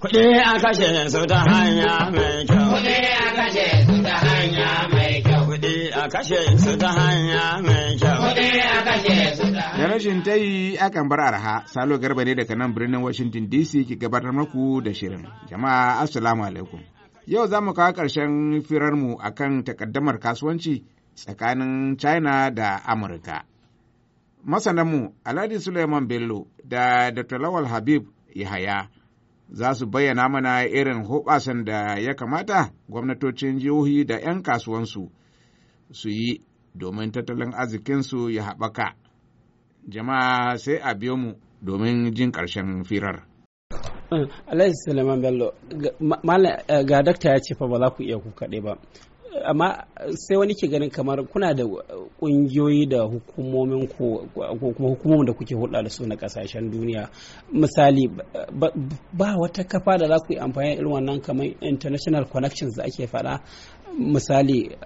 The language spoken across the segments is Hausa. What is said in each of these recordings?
Kuɗi a kashe su ta hanya mai kyau. Kuɗi a kashe su ta hanya mai kyau. Kuɗi a kashe su ta hanya mai kyau. Kuɗi a kashe su ta Da rashin ta yi akan bar arha, Salo Garba ne daga nan birnin Washington DC ke gabatar muku da shirin. Jama'a Assalamu alaikum. Yau za mu kawo ƙarshen firarmu a kan takaddamar kasuwanci tsakanin China da Amurka. Masananmu Alhaji Suleiman Bello da Dr. Lawal Habib Yahaya. za su bayyana mana irin hoɓasan da ya kamata gwamnatocin jihohi da 'yan kasuwansu su yi domin tattalin arzikinsu ya haɓaka. Jama'a sai a biyo mu domin jin ƙarshen firar. Alhaji Suleiman Bello, ga dakta ya ce fa ba za ku iya ku kaɗai ba, amma sai wani ke ganin kamar kuna da kungiyoyi da hukumomin ko kuma hukumomin da kuke hulɗa da su na kasashen duniya misali ba wata kafa da za ku yi amfani irin wannan kamar international connections da ake faɗa misali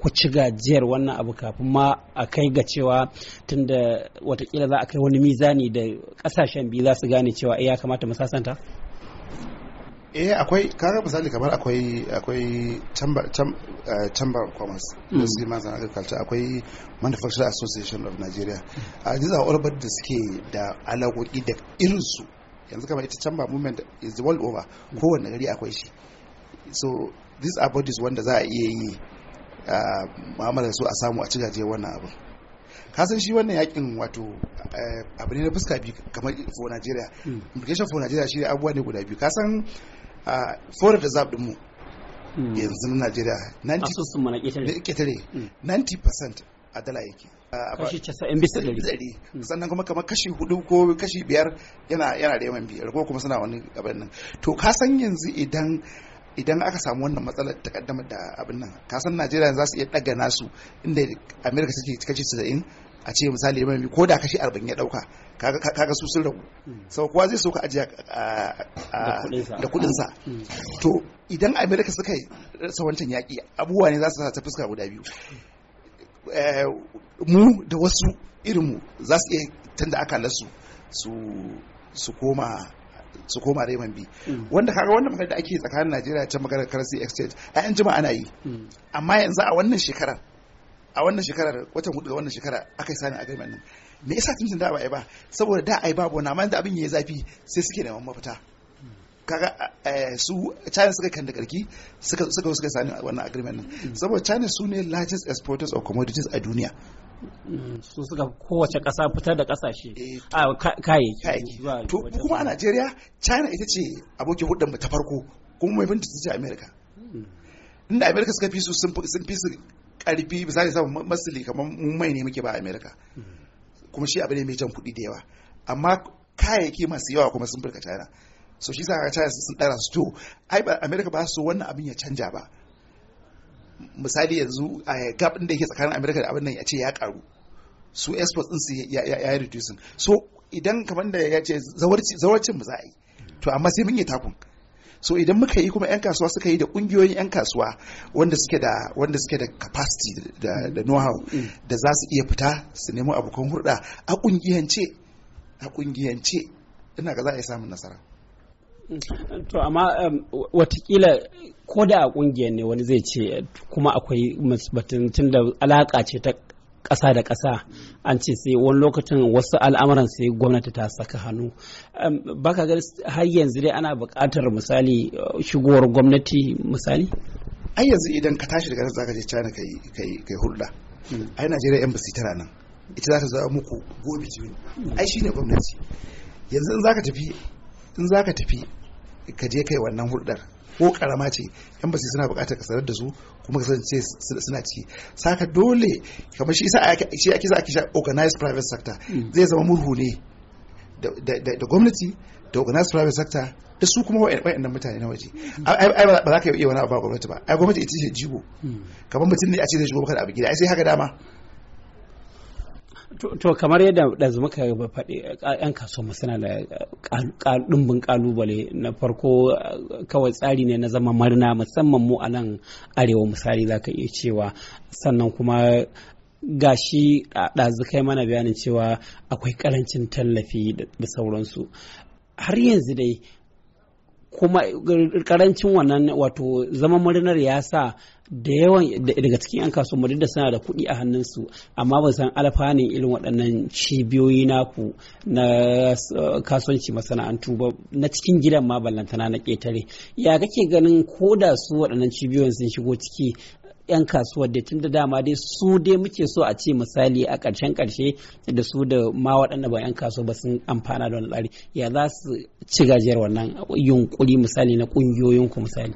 ku ci gajiyar wannan abu kafin ma a kai ga cewa tunda watakila za a kai wani mizani da kasashen biyu za su gane cewa eh, ya kamata mu sasanta eh akwai kaga misali kamar akwai akwai chamber eh, chamber of commerce da su ma zan agriculture akwai manufacturer association of nigeria a uh, jiza are all da suke da alaƙoƙi da irin su yanzu kamar ita chamber movement is the world over kowanne gari akwai shi so these are bodies wanda za a iya yi uh, mu'amala su a samu a cigaje wannan abin kasan shi wannan yakin wato eh, abu ne na fuska biyu kamar for Nigeria hmm. implication for Nigeria shi abubuwa ne guda biyu kasan ah, foreign reserve din mu hmm. yanzu na Nigeria 90 90% hmm. ah, a dala yake kashi 90 bisa dari sannan kuma kamar kashi hudu ko kashi biyar yana yana da yawan biyar ko kuma suna wani gaban nan to kasan yanzu idan idan aka samu wannan matsalar ta kaddamar da abin nan kasan najeriya za su iya daga nasu inda amerika take kashi 90 a ce misali mai ko da kashi 40 ya dauka kaga su sun ragu hmm. sau kowa zai so ajiya da kudinsa hmm. to idan amerika suka yi sawancan yaƙi abubuwa ne za su ta fuska guda biyu eh, mu da wasu irinmu za su iya tanda aka lasu su koma su koma Raymond B mm. wanda kaga wannan magana da ake tsakanin Najeriya ta maganar currency exchange a yan jima ana yi mm. amma yanzu a wannan shekarar a wannan shekarar watan hudu ga wannan shekarar. aka yi sani a gaiman nan me yasa tuntun da ba a yi ba saboda da yi babu na da abin ya yi zafi sai suke neman mafita kaga eh, su China suka kan da karki suka suka suka sani wannan agreement nan mm. saboda China su ne largest exporters of commodities a duniya su suka kowace ƙasa fitar da ƙasashe eh, ah, a kayayyaki to kuma a Najeriya China ita ce abokin hudun ta farko kuma mai sun ce Amerika. Hmm. inda Amerika suka fi su sun fi su karfi misali samun masali kamar mun mai ne muke ba Amerika. Hmm. kuma shi abu ne mai jan kuɗi da yawa amma kayayyaki masu yawa kuma sun firka China so shi sa China sun ɗara su to ai Amerika ba su wannan abin ya canja ba misali yanzu a gap din da yake tsakanin america da abin nan ya ce ya karu su exports din su ya yi reducing so idan kamar da ya ce zawarcin mu za a yi to amma sai mun yi takun so idan muka yi kuma 'yan kasuwa suka yi da kungiyoyin 'yan kasuwa wanda suke da wanda suke da capacity da, da know-how da za su iya fita su nemo abokan hulɗa a kungiyance a kungiyance ina ga za a yi samun nasara to amma um, watakila ko da a kungiyar ne wani zai ce kuma akwai batun tun da alaka ce ta ƙasa da ƙasa an ce sai wani lokacin wasu al'amuran sai gwamnati ta saka hannu um, baka ga har yanzu dai ana buƙatar misali uh, shigowar gwamnati misali ai yanzu idan ka tashi daga zaka je China kai kai kai hulɗa hmm. ai Najeriya embassy tana nan ita za ta zama muku gobe jibi ai shine gwamnati yanzu in zaka tafi in zaka tafi ka je kai wannan hulɗar ko karama ce yan basi suna buƙatar ka sanar da su kuma ka suna ciki saka dole kamar shi shi ake za a kisha organized private sector hmm. zai zama murhu ne da gwamnati da organized private sector da su kuma nan mutane na waje hmm. ai ba za ka iya wani abu ba gwamnati ba ai gwamnati ita ce jigo hmm. kamar mutum ne a ce zai shigo baka da abu gida ai sai haka dama To kamar yadda ɗazu muka faɗi kaso kasuwa suna da ɗumbin ƙalubale na farko kawai tsari ne na zama murna musamman mu a nan arewa misali za ka iya cewa sannan kuma gashi a ɗazu kai mana bayanin cewa akwai ƙarancin tallafi da sauransu har yanzu dai kuma ƙarancin wannan wato zama murnar ya sa da yawan daga cikin 'yan kasuwa duk da suna da kuɗi a hannunsu amma ba san alfanun irin waɗannan cibiyoyi naku na eh, kasuwanci masana'antu ba na cikin gidan ma ballantana na ƙetare ya kake ganin ko da su waɗannan cibiyoyin sun shigo ciki 'yan kasuwa da tun da dama dai su dai muke so a ce misali a ƙarshen ƙarshe da su da ma waɗanda ba 'yan kasuwa ba sun amfana da wani ya za su ci gajiyar wannan yunƙuri misali na ƙungiyoyinku misali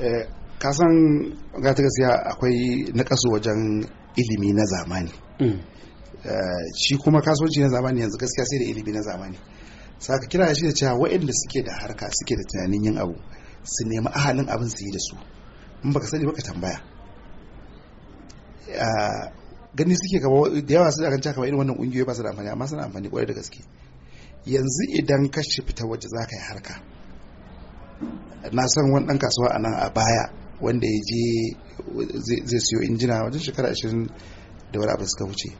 eh, kasan ga ta gaskiya akwai nakasu wajen ilimi na zamani mm. eh, shi kuma kasuwanci na zamani yanzu gaskiya sai da ilimi na zamani saka kira shi da cewa waɗanda suke da harka suke da tunanin yin abu su nemi ahalin abin su yi da su in baka sani baka tambaya eh, gani suke gaba da yawa da kan cakawa irin wannan kungiyoyi ba su da amfani amma suna amfani kwarai da gaske yanzu idan ka shi fita waje za ka yi harka na san wani ɗan kasuwa a nan a baya wanda ya je zai siyo injina wajen shekara ashirin da wani abu suka wuce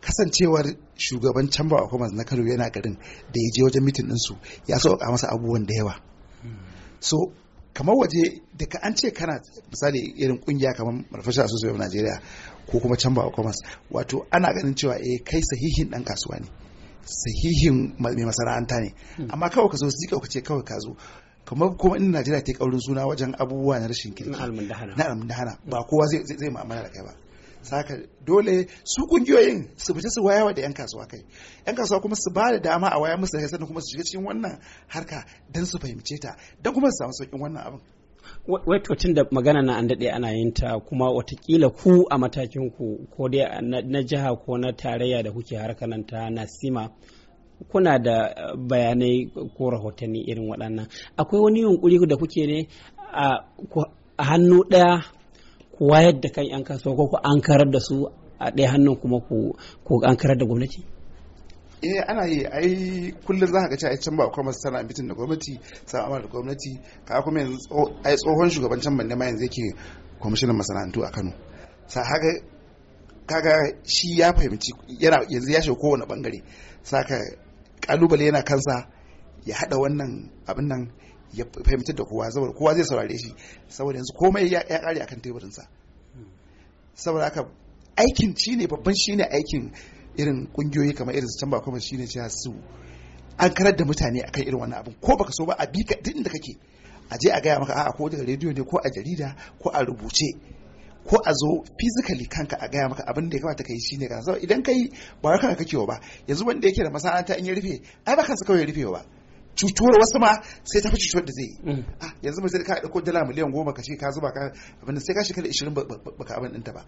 kasancewar shugaban chamber of commerce na kano yana garin da ya je wajen mitin ɗinsu ya sauƙa masa abubuwan da yawa so kamar waje daga an ce kana misali irin kungiya kamar marfashin Association of Nigeria ko kuma Chamber of Commerce wato ana ganin cewa eh kai sahihin dan kasuwa ne sahihin mai masana'anta ne hmm. amma kawai ka zo su ka ce kawai ka zo kamar kuma in najeriya ta yi kaurin suna wajen abubuwa na rashin kirki na almundahana ba kowa zai ma'amala da kai ba saka dole su kungiyoyin su fita su wayawa da 'yan kasuwa kai 'yan kasuwa kuma su ba da dama a waya musu da sannan kuma su shiga cikin wannan harka don su fahimce ta don kuma su samu sauƙin wannan abin tun da magana na an daɗe ana yin ta kuma watakila ku a matakin ku ko dai na jiha ko na tarayya da kuke harkanan ta nasima kuna da eh, bayanai ko rahotanni irin waɗannan akwai wani yunkuri da kuke ne a hannu ɗaya ku wayar da kan 'yan kasuwa ko ku an karar da su a ɗaya hannun kuma ku an karar da gwamnati eh ana yi ai kullum za ka ga cewa can ba akwai masu sana'a bitin da gwamnati sana'a da gwamnati ka kuma yanzu ai tsohon shugaban can banne ma yanzu yake kwamishinan masana'antu a Kano sa haka kaga shi ya fahimci yana yanzu ya shiga kowane bangare saka kalubale yana kansa ya hada wannan abin nan ya fahimtar da kowa saboda kowa zai saurare shi saboda yanzu komai ya kare akan teburinsa saboda haka aikin shi ne babban shi ne aikin irin kungiyoyi kamar irin su can kuma shi ne cewa su an karar da mutane akan irin wannan abin ko baka so ba a bi ka duk inda kake a je a gaya maka a'a ko daga rediyo ne ko a jarida ko a rubuce ko a zo physically kanka a gaya maka abin da ya kamata ka yi shine kaza idan kai ba wai ka kakewa ba yanzu wanda yake da masana'anta in ya rufe ai ba kansa kawai ya rufe ba cutuwar wasu ma sai ta fi cutuwar da zai yi mm. ah, yanzu zai ka dauko dala miliyan goma ka ce ka zuba ka abin da sai ka shekara ishirin baka abin ɗinta ba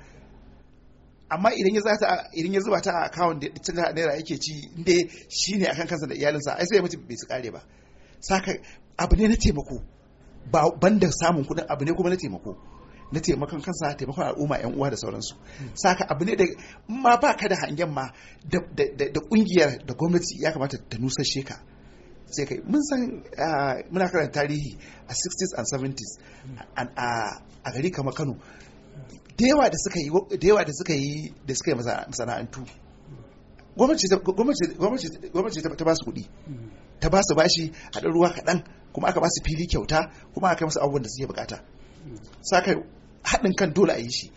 amma idan ya zata idan ya zuba ta a account da tun da naira yake ci inda shine akan kansa da iyalinsa ai sai mutu bai su kare ba saka abu ne na taimako ba banda samun kuɗin abu ne kuma na taimako na taimakon kansa taimakon al'umma yan uwa da sauransu saka abu ne da ma ba ka da hangen ma da kungiyar da gwamnati ya kamata ta nusar sheka. sai kai mun san muna karin tarihi a 60s and 70s a gari kamar Kano da yawa da suka yi da suka yi masana'antu gwamnati ta ba su kuɗi ta ba su bashi a ɗan ruwa kaɗan kuma aka ba su fili kyauta kuma aka yi masu abubuwan da suke bukata sakai haɗin kan dole a yi shi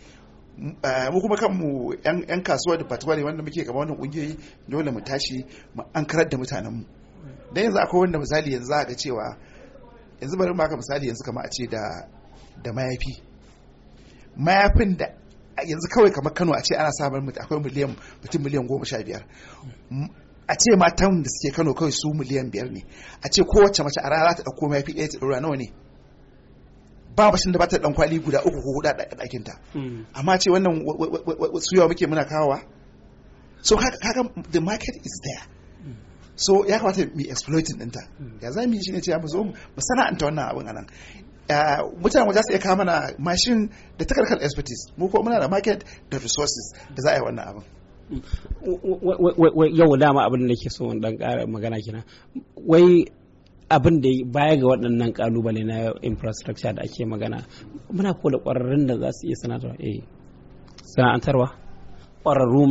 eh, mu kuma kanmu yan kasuwa da fatuwa ne wanda muke gaba wannan kungiyoyi dole mu tashi mu ankarar da mutanenmu dan yanzu akwai wanda misali yanzu za ga cewa yanzu bari maka misali yanzu kama a ce da da mayafi mayafin da yanzu kawai kamar Kano a ce ana samun akwai miliyan mutum miliyan goma sha biyar a ce matan da suke Kano kawai su miliyan biyar ne a ce kowace mace a rana za ta ɗauko mayafi ɗaya ta ɗora nawa ne ba bashin da bata dan kwali guda uku ko huda da dakin ta hmm. amma ce wannan suyawa muke muna kawowa so haka the market is there hmm. so ya kamata mu exploiting ta. Hmm. ya za mu yi shine cewa mu zo mu sana'anta wannan abin anan mutane za su iya kawo mana machine da takarkar expertise mu ko muna da market da resources da za a yi wannan abin yau dama abin da nake so dan ƙara magana kina wai abin da baya ga waɗannan kalubale na infrastructure da ake magana muna ko da ƙwararrun da za su iya sanarwa eh sana'antarwa ƙwararru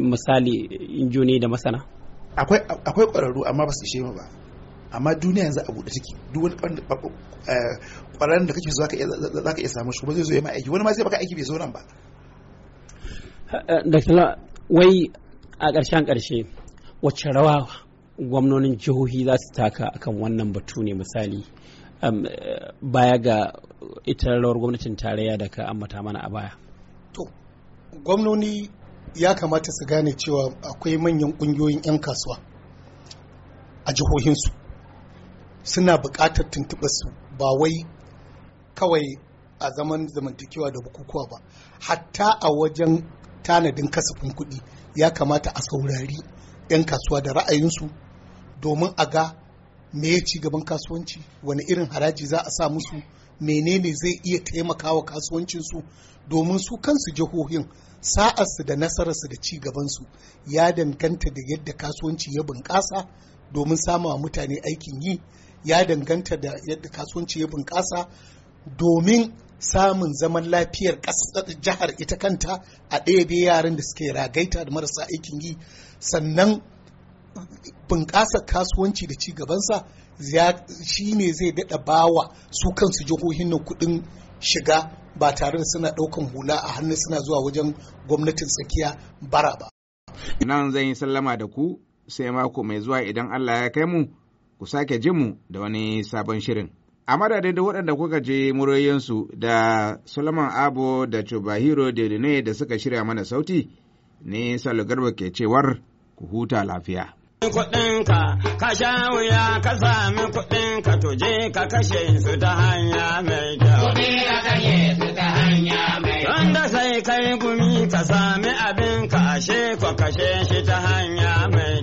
misali injoni da masana akwai akwai ƙwararru amma ba su ishe ba amma duniya yanzu a buɗe ciki duk wani eh, ƙwararren da kake so za ka iya samu shi ba zai zo ya ma aiki wani ma zai baka aiki bai zo nan ba eh, Dr. wai a ƙarshen ƙarshe wacce rawa gwamnonin jihohi za su taka akan wannan batu ne misali baya ga ita rawar gwamnatin tarayya da ka ambata mana a baya to gwamnoni ya kamata su gane cewa akwai manyan ƙungiyoyin 'yan kasuwa a jihohinsu suna buƙatar tuntuɓarsu ba wai kawai a zaman zamantakewa da bukukuwa ba hatta a wajen tanadin kasafin kuɗi ya kamata a saurari 'yan kasuwa da ra'ayinsu domin a ga me ya ci gaban kasuwanci wani irin haraji za a sa musu menene zai iya taimakawa kasuwancinsu domin su kansu jihohin sa'arsu da nasararsu da ci gabansu ya danganta da yadda kasuwanci ya bunƙasa domin samawa mutane aikin yi ya danganta da yadda kasuwanci ya bunƙasa domin samun zaman lafiyar jihar ita kanta a ɗaya yaran da suke ragaita da marasa aikin yi sannan bunƙasar kasuwanci da ci gabansa shi ne zai daɗa bawa su kansu jihohin nan kuɗin shiga ba tare da suna ɗaukan hula a hannu suna zuwa wajen gwamnatin tsakiya bara ba. Nan zan yi sallama da ku sai mako mai zuwa idan Allah ya kai mu ku sake ji mu da wani sabon shirin. A madadin da waɗanda kuka je muryoyinsu da Solomon Abo da Chubahiro Dedene da suka shirya mana sauti, ne Salo Garba ke cewar ku huta lafiya. kuɗinka ka sha wuya ka sami kuɗinka to je ka kashe su ta hanya mai kyau. Wanda sai kai gumi ka sami abin ka ashe ko kashe shi ta hanya mai